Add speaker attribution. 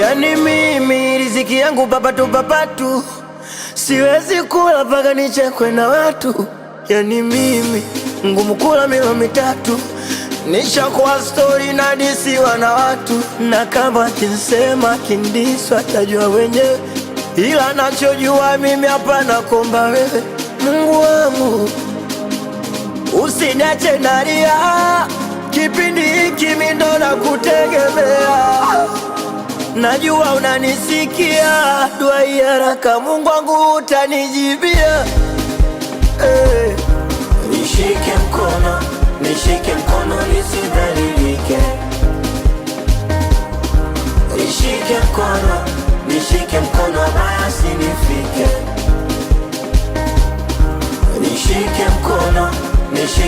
Speaker 1: Yani mimi riziki yangu papatu papatu, siwezi kula mpaka nichekwe na watu. Yani mimi ngumu kula milo mitatu, nishakuwa stori na disiwa na watu, na kama kinsema kindiswa atajua wenyewe, ila nachojua mimi hapana komba wewe, Mungu wangu usiniache nalia najua unanisikia, dua haraka, Mungu wangu utanijibia.
Speaker 2: Hey. Eh. Nishike mkono, nishike mkono nisidhalilike, nishike mkono, nishike mkono basi